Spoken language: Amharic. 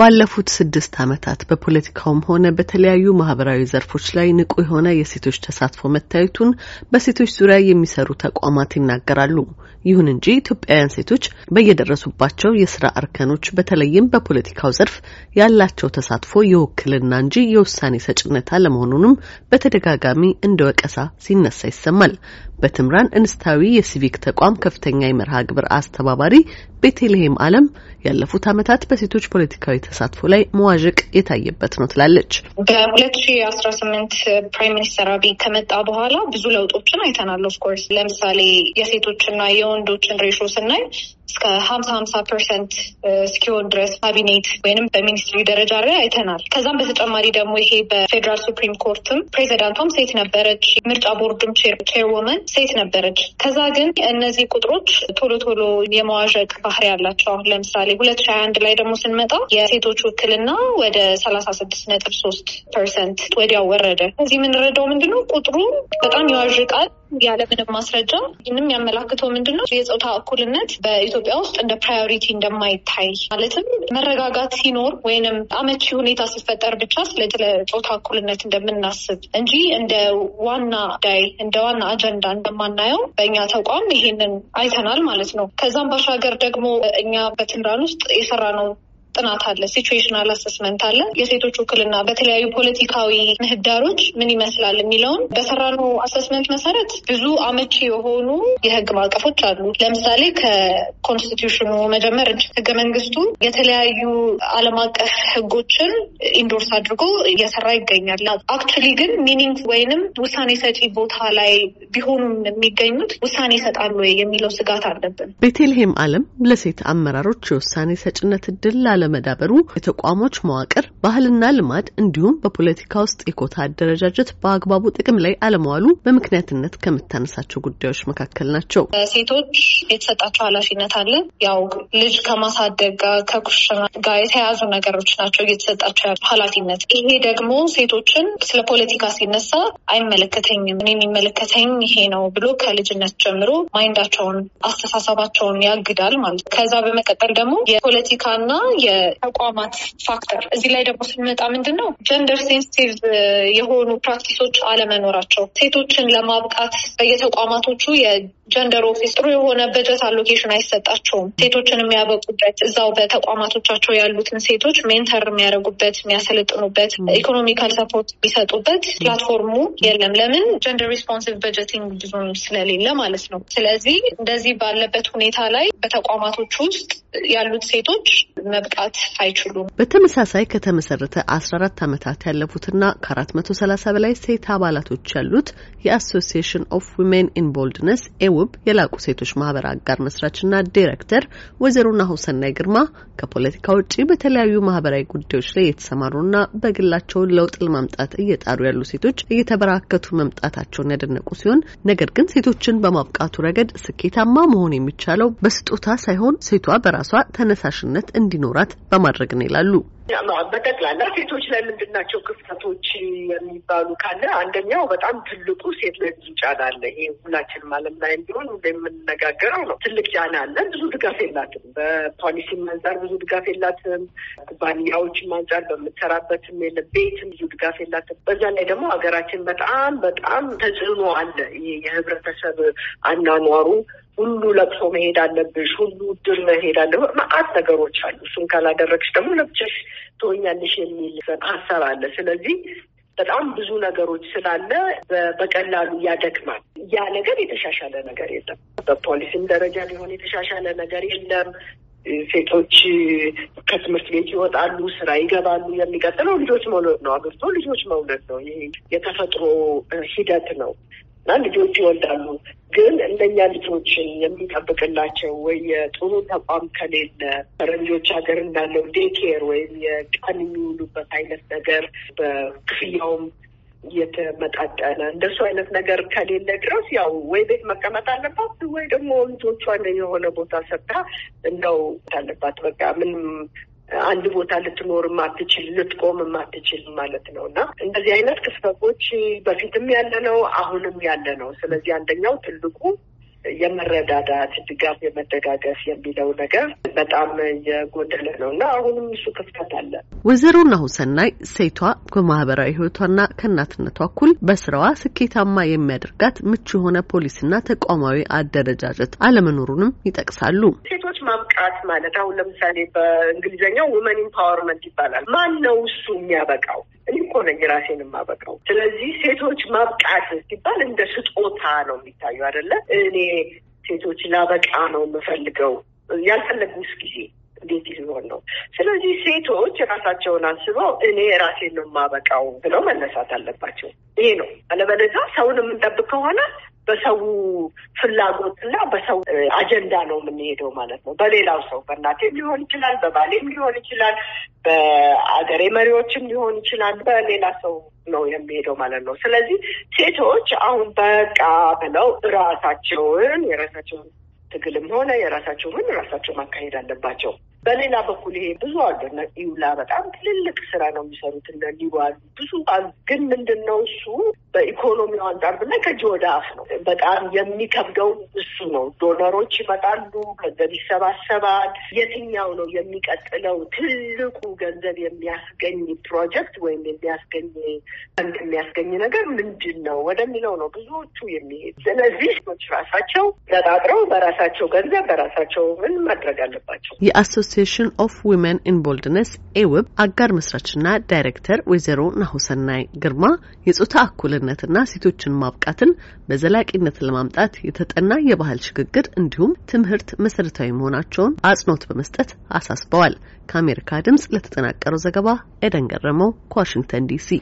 ባለፉት ስድስት ዓመታት በፖለቲካውም ሆነ በተለያዩ ማህበራዊ ዘርፎች ላይ ንቁ የሆነ የሴቶች ተሳትፎ መታየቱን በሴቶች ዙሪያ የሚሰሩ ተቋማት ይናገራሉ። ይሁን እንጂ ኢትዮጵያውያን ሴቶች በየደረሱባቸው የስራ እርከኖች በተለይም በፖለቲካው ዘርፍ ያላቸው ተሳትፎ የውክልና እንጂ የውሳኔ ሰጭነት አለመሆኑንም በተደጋጋሚ እንደ ወቀሳ ሲነሳ ይሰማል። በትምራን እንስታዊ የሲቪክ ተቋም ከፍተኛ የመርሃ ግብር አስተባባሪ ቤቴልሄም አለም ያለፉት ዓመታት በሴቶች ፖለቲካዊ ተሳትፎ ላይ መዋዥቅ የታየበት ነው ትላለች። በሁለት ሺ አስራ ስምንት ፕራይም ሚኒስተር አብይ ከመጣ በኋላ ብዙ ለውጦችን አይተናል። ኦፍኮርስ ለምሳሌ የሴቶችና የወንዶችን ሬሾ ስናይ እስከ ሀምሳ ሀምሳ ፐርሰንት እስኪሆን ድረስ ካቢኔት ወይም በሚኒስትሪ ደረጃ ላይ አይተናል። ከዛም በተጨማሪ ደግሞ ይሄ በፌዴራል ሱፕሪም ኮርትም ፕሬዚዳንቷም ሴት ነበረች፣ ምርጫ ቦርድም ቼርወመን ሴት ነበረች። ከዛ ግን እነዚህ ቁጥሮች ቶሎ ቶሎ የመዋዠቅ ባህሪ ያላቸው አሁን ለምሳሌ ሁለት ሺ አንድ ላይ ደግሞ ስንመጣ የሴቶች ውክልና ወደ ሰላሳ ስድስት ነጥብ ሶስት ፐርሰንት ወዲያው ወረደ። እዚህ የምንረዳው ምንድነው ቁጥሩ በጣም ይዋዥቃል። ያለምንም ማስረጃ ይህንም ያመላክተው ምንድን ነው የፆታ እኩልነት በኢትዮጵያ ውስጥ እንደ ፕራዮሪቲ እንደማይታይ ማለትም መረጋጋት ሲኖር ወይንም አመቺ ሁኔታ ሲፈጠር ብቻ ስለ ፆታ እኩልነት እንደምናስብ እንጂ እንደ ዋና ዳይ እንደ ዋና አጀንዳ እንደማናየው በእኛ ተቋም ይሄንን አይተናል ማለት ነው። ከዛም ባሻገር ደግሞ እኛ በትምራን ውስጥ የሰራ ነው ጥናት አለ፣ ሲቹዌሽናል አሰስመንት አለ። የሴቶች ውክልና በተለያዩ ፖለቲካዊ ምህዳሮች ምን ይመስላል የሚለውን በሰራነው አሰስመንት መሰረት ብዙ አመቺ የሆኑ የህግ ማዕቀፎች አሉ። ለምሳሌ ከኮንስቲትዩሽኑ መጀመር ህገ መንግስቱ የተለያዩ አለም አቀፍ ህጎችን ኢንዶርስ አድርጎ እየሰራ ይገኛል። አክቹሊ ግን ሚኒንግ ወይንም ውሳኔ ሰጪ ቦታ ላይ ቢሆኑም የሚገኙት ውሳኔ ይሰጣሉ የሚለው ስጋት አለብን። ቤቴልሄም አለም ለሴት አመራሮች የውሳኔ ሰጭነት እድል አለመዳበሩ የተቋሞች መዋቅር፣ ባህልና ልማድ እንዲሁም በፖለቲካ ውስጥ የኮታ አደረጃጀት በአግባቡ ጥቅም ላይ አለመዋሉ በምክንያትነት ከምታነሳቸው ጉዳዮች መካከል ናቸው። ሴቶች የተሰጣቸው ኃላፊነት አለ። ያው ልጅ ከማሳደግ ጋር ከኩሽና ጋር የተያያዙ ነገሮች ናቸው እየተሰጣቸው ያሉ ኃላፊነት። ይሄ ደግሞ ሴቶችን ስለ ፖለቲካ ሲነሳ አይመለከተኝም፣ እኔ የሚመለከተኝ ይሄ ነው ብሎ ከልጅነት ጀምሮ ማይንዳቸውን አስተሳሰባቸውን ያግዳል ማለት ከዛ በመቀጠል ደግሞ የፖለቲካና የተቋማት ፋክተር። እዚህ ላይ ደግሞ ስንመጣ ምንድን ነው ጀንደር ሴንስቲቭ የሆኑ ፕራክቲሶች አለመኖራቸው ሴቶችን ለማብቃት በየተቋማቶቹ ጀንደር ኦፊስ ጥሩ የሆነ በጀት አሎኬሽን አይሰጣቸውም። ሴቶችን የሚያበቁበት እዛው በተቋማቶቻቸው ያሉትን ሴቶች ሜንተር የሚያደርጉበት የሚያሰለጥኑበት፣ ኢኮኖሚካል ሰፖርት የሚሰጡበት ፕላትፎርሙ የለም። ለምን ጀንደር ሪስፖንሲቭ በጀቲንግ ብዙ ስለሌለ ማለት ነው። ስለዚህ እንደዚህ ባለበት ሁኔታ ላይ በተቋማቶች ውስጥ ያሉት ሴቶች መብቃት አይችሉም። በተመሳሳይ ከተመሰረተ አስራ አራት ዓመታት ያለፉትና ከአራት መቶ ሰላሳ በላይ ሴት አባላቶች ያሉት የአሶሲሽን ኦፍ ዊሜን ኢንቦልድነስ ኤዎ ውብ የላቁ ሴቶች ማህበር አጋር መስራችና ዲሬክተር ወይዘሮ ናሁሰናይ ግርማ ከፖለቲካ ውጭ በተለያዩ ማህበራዊ ጉዳዮች ላይ የተሰማሩና በግላቸውን ለውጥ ለማምጣት እየጣሩ ያሉ ሴቶች እየተበራከቱ መምጣታቸውን ያደነቁ ሲሆን ነገር ግን ሴቶችን በማብቃቱ ረገድ ስኬታማ መሆን የሚቻለው በስጦታ ሳይሆን ሴቷ በራሷ ተነሳሽነት እንዲኖራት በማድረግ ነው ይላሉ። በጠቅላላ ሴቶች ላይ ምንድናቸው ክፍተቶች የሚባሉ ካለ አንደኛው በጣም ትልቁ ሴት ላይ ብዙ ጫና አለ። ይህ ሁላችን ዓለም ላይ እንዲሆን የምንነጋገረው ነው። ትልቅ ጫና አለ። ብዙ ድጋፍ የላትም። በፖሊሲም አንጻር ብዙ ድጋፍ የላትም። ኩባንያዎች አንጻር በምትሰራበትም የለ ቤትም ብዙ ድጋፍ የላትም። በዛ ላይ ደግሞ ሀገራችን በጣም በጣም ተጽዕኖ አለ። የህብረተሰብ አናኗሩ ሁሉ ለቅሶ መሄድ አለብሽ፣ ሁሉ ድር መሄድ አለ መአት ነገሮች አሉ። እሱን ካላደረግሽ ደግሞ ለብቻሽ ትሆኛለሽ የሚል ሀሳብ አለ። ስለዚህ በጣም ብዙ ነገሮች ስላለ በቀላሉ ያደክማል። ያ ነገር የተሻሻለ ነገር የለም። በፖሊሲም ደረጃ ሊሆን የተሻሻለ ነገር የለም። ሴቶች ከትምህርት ቤት ይወጣሉ፣ ስራ ይገባሉ። የሚቀጥለው ልጆች መውለድ ነው፣ አግብቶ ልጆች መውለድ ነው። ይሄ የተፈጥሮ ሂደት ነው። እና ልጆች ይወልዳሉ። ግን እንደኛ ልጆችን የሚጠብቅላቸው ወይ የጥሩ ተቋም ከሌለ ፈረንጆች ሀገር እንዳለው ዴኬር ወይም የቀን የሚውሉበት አይነት ነገር በክፍያውም እየተመጣጠነ እንደሱ አይነት ነገር ከሌለ ድረስ ያው ወይ ቤት መቀመጥ አለባት ወይ ደግሞ ልጆቿን የሆነ ቦታ ሰጥታ እንደው አለባት። በቃ ምንም አንድ ቦታ ልትኖርም አትችል፣ ልትቆምም አትችል ማለት ነው እና እንደዚህ አይነት ክስተቶች በፊትም ያለ ነው፣ አሁንም ያለ ነው። ስለዚህ አንደኛው ትልቁ የመረዳዳት ድጋፍ፣ የመደጋገፍ የሚለው ነገር በጣም የጎደለ ነው እና አሁንም እሱ ክፍተት አለ። ወይዘሮ ናሁሰናይ ሴቷ በማህበራዊ ህይወቷና ከእናትነቷ እኩል በስራዋ ስኬታማ የሚያደርጋት ምቹ የሆነ ፖሊሲና ተቋማዊ አደረጃጀት አለመኖሩንም ይጠቅሳሉ። ሴቶች ማብቃት ማለት አሁን ለምሳሌ በእንግሊዝኛው ውመን ኢምፓወርመንት ይባላል። ማን ነው እሱ የሚያበቃው? እኔ እኮ ነኝ ራሴን የማበቃው። ስለዚህ ሴቶች ማብቃት ሲባል እንደ ስጦታ ነው የሚታዩ አይደለ? እኔ ሴቶች ላበቃ ነው የምፈልገው ያልፈለጉስ ጊዜ እንዴት ሊሆን ነው? ስለዚህ ሴቶች ራሳቸውን አንስበው እኔ ራሴን ነው የማበቃው ብለው መነሳት አለባቸው። ይሄ ነው። አለበለዚያ ሰውን የምንጠብቅ ከሆነ በሰው ፍላጎት እና በሰው አጀንዳ ነው የምንሄደው ማለት ነው። በሌላው ሰው በእናቴም ሊሆን ይችላል፣ በባሌም ሊሆን ይችላል፣ በአገሬ መሪዎችም ሊሆን ይችላል። በሌላ ሰው ነው የሚሄደው ማለት ነው። ስለዚህ ሴቶች አሁን በቃ ብለው ራሳቸውን የራሳቸውን ትግልም ሆነ የራሳቸውን ራሳቸው ማካሄድ አለባቸው። በሌላ በኩል ይሄ ብዙ አሉ እና ኢዩላ በጣም ትልልቅ ስራ ነው የሚሰሩት እና አሉ ብዙ አሉ። ግን ምንድን ነው እሱ በኢኮኖሚው አንጻር ብናይ ከእጅ ወደ አፍ ነው። በጣም የሚከብደው እሱ ነው። ዶነሮች ይመጣሉ፣ ገንዘብ ይሰባሰባል። የትኛው ነው የሚቀጥለው ትልቁ ገንዘብ የሚያስገኝ ፕሮጀክት ወይም የሚያስገኝ ንድ የሚያስገኝ ነገር ምንድን ነው ወደሚለው ነው ብዙዎቹ የሚሄድ። ስለዚህ ራሳቸው ተጣጥረው በራሳቸው ገንዘብ በራሳቸው ምን ማድረግ አለባቸው። አሶሲዬሽን ኦፍ ዊሜን ኢን ቦልድነስ ኤውብ አጋር መስራችና ዳይሬክተር ወይዘሮ ናሁሰናይ ግርማ የጾታ እኩልነትና ሴቶችን ማብቃትን በዘላቂነት ለማምጣት የተጠና የባህል ሽግግር እንዲሁም ትምህርት መሰረታዊ መሆናቸውን አጽንኦት በመስጠት አሳስበዋል። ከአሜሪካ ድምጽ ለተጠናቀረው ዘገባ ኤደን ገረመው ከዋሽንግተን ዲሲ